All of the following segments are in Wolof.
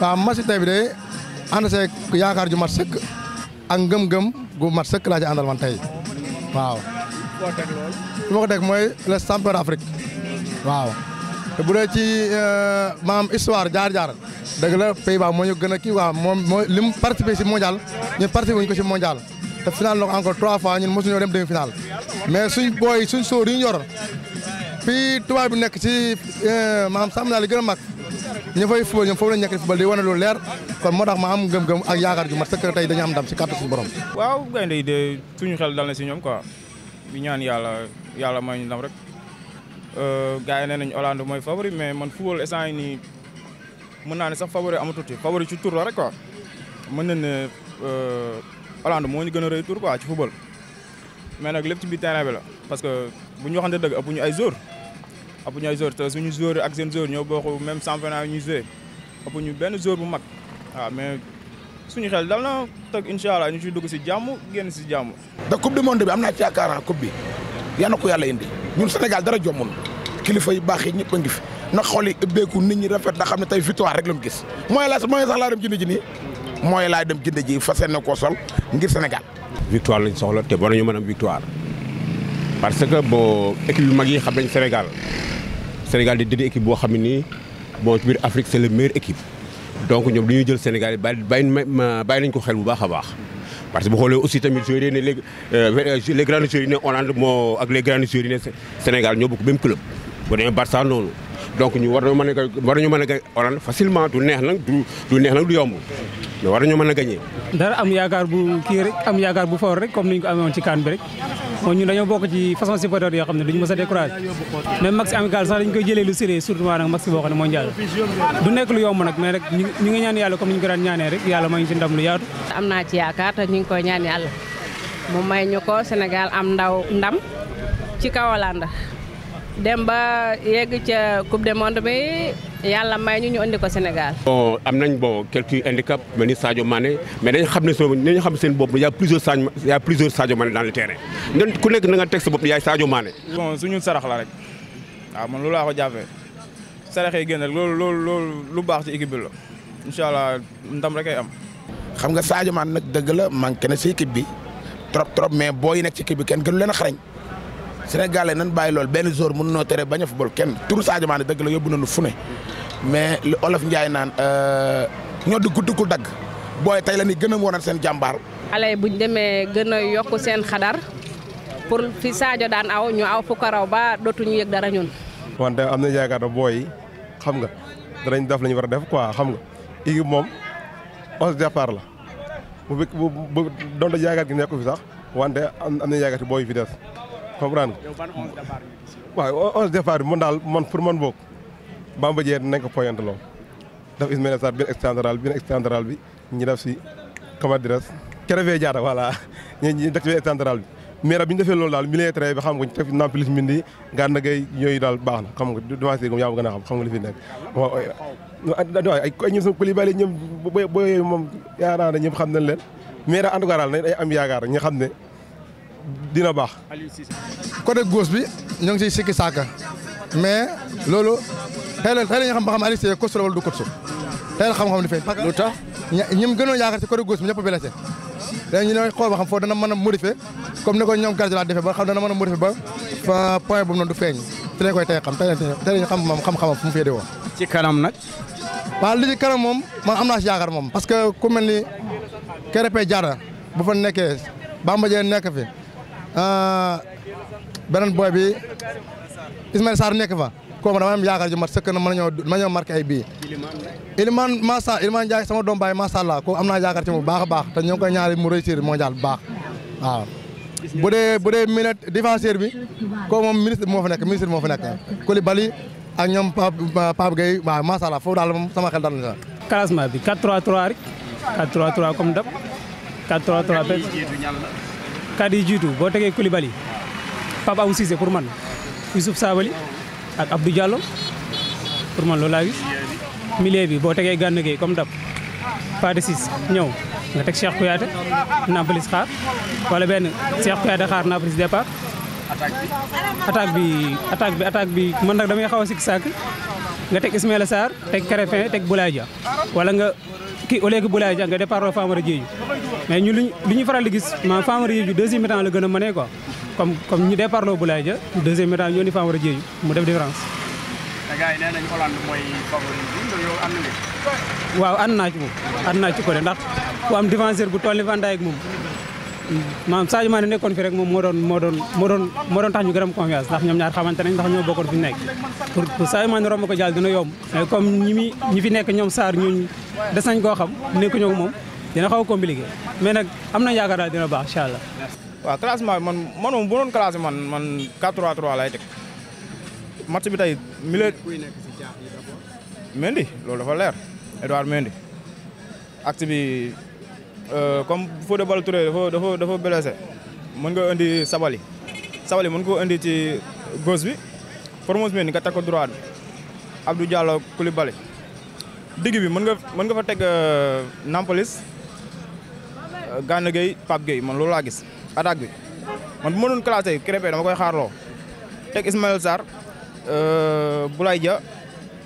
waaw match tey bi de ànd see yaakaar ju mat sëkk ak ngëm-ngëm gu mat sëkk laa ci àndal man tey waaw. su ma ko teg mooy le champion d'Afrique waaw te bu dee ci euh, maam histoire jaar-jaar dëgg la pays baa moo ñu gën a kii waaw moom moo li mu si mondial ñun parti wuñ ko si mondial te final la ko encore trois fois ñun mosuñoo dem demi final mais suñ booy suñ sóor yi ñu yor fii tubaab bi nekk ci euh, maam sàmm naa li gën a mag. ñu fay football ñoom foofu lañ nekk football di wane lu leer kon moo tax ma am gëm-gëm ak yaakaar ju mat sëkk tey dañu am ndam si kàttu suñu borom waaw gaynde yi de suñu xel dal na si ñoom quoi bi ñaan yàlla yàlla may ñu ndam rek euh, gars yi nee nañ Hollande mooy favori mais man football instant yi nii mën naa ne sax favori amatuti favori ci tur rek quoi mën na ne euh, Hollande moo ñu gën a rëy tur quoi ci football mais nag lépp ci biir bi la parce que bu ñu waxante dëgg ëpp ay jour ëpp ñooy joueur te suñu joueur ak seen joueur ñoo bokk même championnat yi ñuy ñu benn joueur bu mag mais suñu xel dal na teg incha allah ñu ciy dugg si jàmm génn si jàmm. da coupe du monde bi am naa ci yaakaar coupe bi yal na ko yàlla indi ñun senegal dara jommul kilifa yu baax yi ñëpp a ngi na xool yi ubbeeku nit ñi rafet na xam ne tey victoire rek la mu gis mooy la mooy sax laa dem jënd ji nii mooy laa dem jënd ji fas yéene koo sol ngir Sénégal. victoire lañ soxla te war nañu mën am victoire parce que boo équipe yu mag yi xam nañ Sénégal. Sénégal di dindi équipe bo xamni ni nii bon ci bir Afrique c'est le meilleur équipe donc ñom li ñuy jël Sénégal bàyyi bàyyi nañ ko xel bu baaxa baax parce que bu xolé aussi tamit joueur yi euh, les les grands joueurs yi ne Hollande mo ak les grands joueurs yi Sénégal ñoo bokk même club bu demee Barça noonu donc ñu war ñu mëna war ñu mëna Hollande facilement du neex nak du du neex nak du yomb mais war ñu mëna gagner dara am yaakar bu ki rek am yaakar bu fort rek comme niñ ko amé won ci Cannes rek moom ñun dañoo bokk ci façon supporter yoo xam ne duñu mës a découragé même match sax dañ koy jëlee lu sérieux surtout maa nag match boo xam ne mondial du nekk lu yomb nag mais rek ñu ngi ñaan yàlla comme ni ñu ko daan ñaanee rek yàlla may ñu ci ndam lu yaatu am naa ci yaakaar te ñu ngi koy ñaan yàlla mu may ñu ko Sénégal am ndaw ndam ci Kaolack dem ba yegg ca coupe du monde bi yàlla may ñu ñu indi ko Sénégal. bon am nañ bon quelques handicaps mel ni Sadio maane mais nañ xam ne soo dañu xam seen bopp y' a plusieurs Sadio y' a plusieurs Sadio Mané dans le terrain ñun ku nekk na nga teg sa bopp yaay Sadio Mané. bon suñu sarax la rek waaw ah, man loolu laa ko jàppee sarax loolu loolu loolu lu baax ci équipe bi la incha allah ndam rek ay am. xam nga Sadio Mané nag dëgg la manqué na si équipe bi trop trop mais booy nekk ci équipe bi kenn gënu leen a xarañ. Sénégalais nan bàyyi lool benn jour mun noo tere bañ a football kenn turu Sadio Mané dëgg la yóbbu nañu fu ne mais li olof Ndiaye naan euh, ñoo di gudd dagg booy tey la ni gën a wonal seen jàmbaar. bu buñ demee gën a yokk seen xadar pour fi Sadio daan aw ñu aw fu ko dootuñu yëg dara ñun. wante am na yaakaar booy xam nga danañ def lañu war a def quoi xam nga équipe moom onze départ la bu bu bu doon yaakaar gi nekku fi sax wante am na yaakaar booy fi des. comprendre nga. waaye onze départ bi man daal man pour man boog Bamba Dieng dinañ ko poyanteloo daf Ismaïla Sarr benn extendéral benn bi ñu def si comment dirais-je Krépin Diatta voilà ñu def si benn extendéral bi. mais nag bi ñu defee daal milieu bi xam nga ñu teg Nampalys Mendy Gana Gueye yooyu daal baax na xam nga devant Ségom yaa ma gën a xam xam li fi nekk. waaw waaw ay ñoom sama Koulibaly ñoom ne nañ leen mais daal en tout daal nañ am yaakaar ñu xam ne dina baax. côté gauche bi ñoo ngi siy sikki saaka mais loolu xëy na xëy na ñu xam ba xam Aliou Cissé coach la wala du coach xëy na xam-xam di feeñ. lu tax ñi mu gënoon yaakaar si côté gauche bi ñëpp a blessé léegi ñu ne xool ba xam foofu dana mën a modifier comme ni ko ñoom gardien laa defee ba xam dana mën a modifier ba fa point boobu noonu du feeñ te lañ koy tey xam tey lañ xam moom xam-xamam fu mu féetee woon. ci kanam nag. waaw li ci kanam moom man am naa si yaakaar moom parce que ku mel ni Krépin fa nekkee Bamba Dieng nekk Euh, beneen booy bi Ismaël Sarr nekk fa kooku dama am yaakaar ju mat sëkk na mën nañoo mën nañoo marqué ay bii. Iliman Massa Iliman Ndiaye sama doom baay macha allah kooku am naa yaakaar ci bu baax baax te ñoo ngi koy ñaari mu réussir mondial bu baax waaw. bu dee bu dee milieu défenseur bi kooku moom ministre moo fa nekk ministre moo fa nekk Koulibaly ak ñoom Pape Pape Gueye waaw macha allah foofu daal moom sama xel dal na classement bi 4-3-3 rek 4 kadi jitu bo tege tegee Koulibaly Pape Abou Cissé pour man yusuf sabali ak Abdou Diallo pour man lola gis. milé bi bo tege Gana Gueye comme dab pas de six nga tek Cheikh Kouyaté nablis xaar wala ben Cheikh Kouyaté xaar nablis départ. attaque bi attaque bi attaque bi man nak damay xaw a nga tek Ismaïla sar tek karefin tek Boulaye wala nga ki au Boulaye nga départ Famara Diédhiou mais ñu li li ñu faral di gis ma Famara Diédhiou deuxième mi-temps la gën a mënee quoi comme comme ñu départ loo Boulaye Dia deuxième mi-temps ñu indi mu def différence. te gars yi nee nañu Hollande mooy waaw ànd ci moom ànd naa ci côté ndax ku am défenseur bu toll ni Van Dijk moom maanaam Sadio Mané nekkoon fi rek moom moo doon moo doon moo doon moo doon tax ñu gërëm confiance ndax ñoom ñaar xamante nañ ndax ñoo bokkoon fi nekk pour pour Sadio Mané romb ko jàll dina yomb mais comme ñi mi fi nekk ñoom Sarr ñooñ desañ nañ koo xam nekkuñu moom dina xaw a compliqué mais nag am nañ yaakaar daal dina baax incha allah. waaw classement bi man man moom bu doon classé man man 4 3 lay teg match bi tey milieu. Mendy loolu dafa leer Edouard Mendy acte bi euh, comme Fodé Ballo-Touré dafa dafa dafa mën nga andi Sabali Sabali mën ko indi ci gauche bi Formose Mendy nga teg ko droit bi Abdou Diallo Koulibaly digg bi mën nga mën nga fa teg euh, Nampalys Gana gay pap gay man loolu la gis attaque bi man bu ma classé crépé dama koy xarlo tek Ismaël euh boulay Dia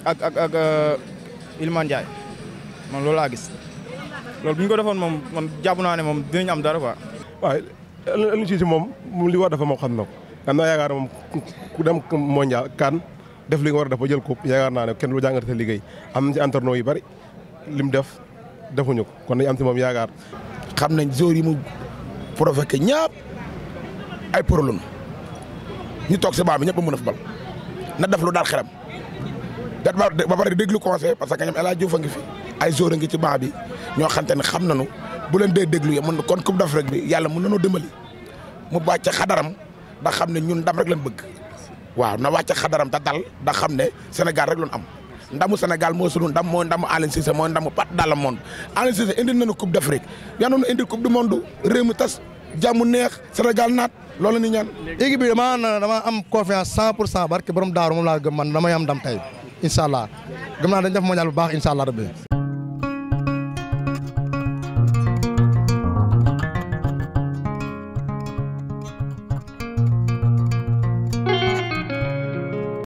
ak ak ak euh, ilman Ndiaye man loolu la gis loolu buñ ko defone mom man jàpp naa ne moom dinañ am dara quoi. way lu ci si moom li war dafa mo xam na ko am ku dem mondial kan def li nga war a def jël ko yaagar na né ken lu jàngate liggéey am ci entraîneur yu bari lim def defuñu ko kon ñu am ci mom yaagar xam nañ jour yi mu provoqué ñaap ay problème ñu toog si baa bi ñëpp a mën a fubal na def lu daal xelam dat ba pare déglu conseil parce que ñoom El Hadj a ngi fi ay jour a ngi ci baa bi ñoo xamante ne xam nañu bu leen dee déglu ya mën kon coupe rek bi yàlla mën nañoo dimbali mu wàcc xadaram da xam ne ñun dam rek lañ bëgg waaw na wàcc xadaram da dal da xam ne Sénégal rek lañ am. ndamu Sénégal moo sunu ndam mooy ndamu Aliou Cissé mooy ndamu pat dans le monde Aliou Cissé indi nañu coupe d'Afrique yaa noonu indi coupe du monde réew mi tas jàmm neex Sénégal naat loolu ni ñaan équipe bi dama dama am confiance cent pour cent barke borom daaru moom laa gëm man damay am ndam tey incha allah gëm naa dañ def mondial bu baax incha allah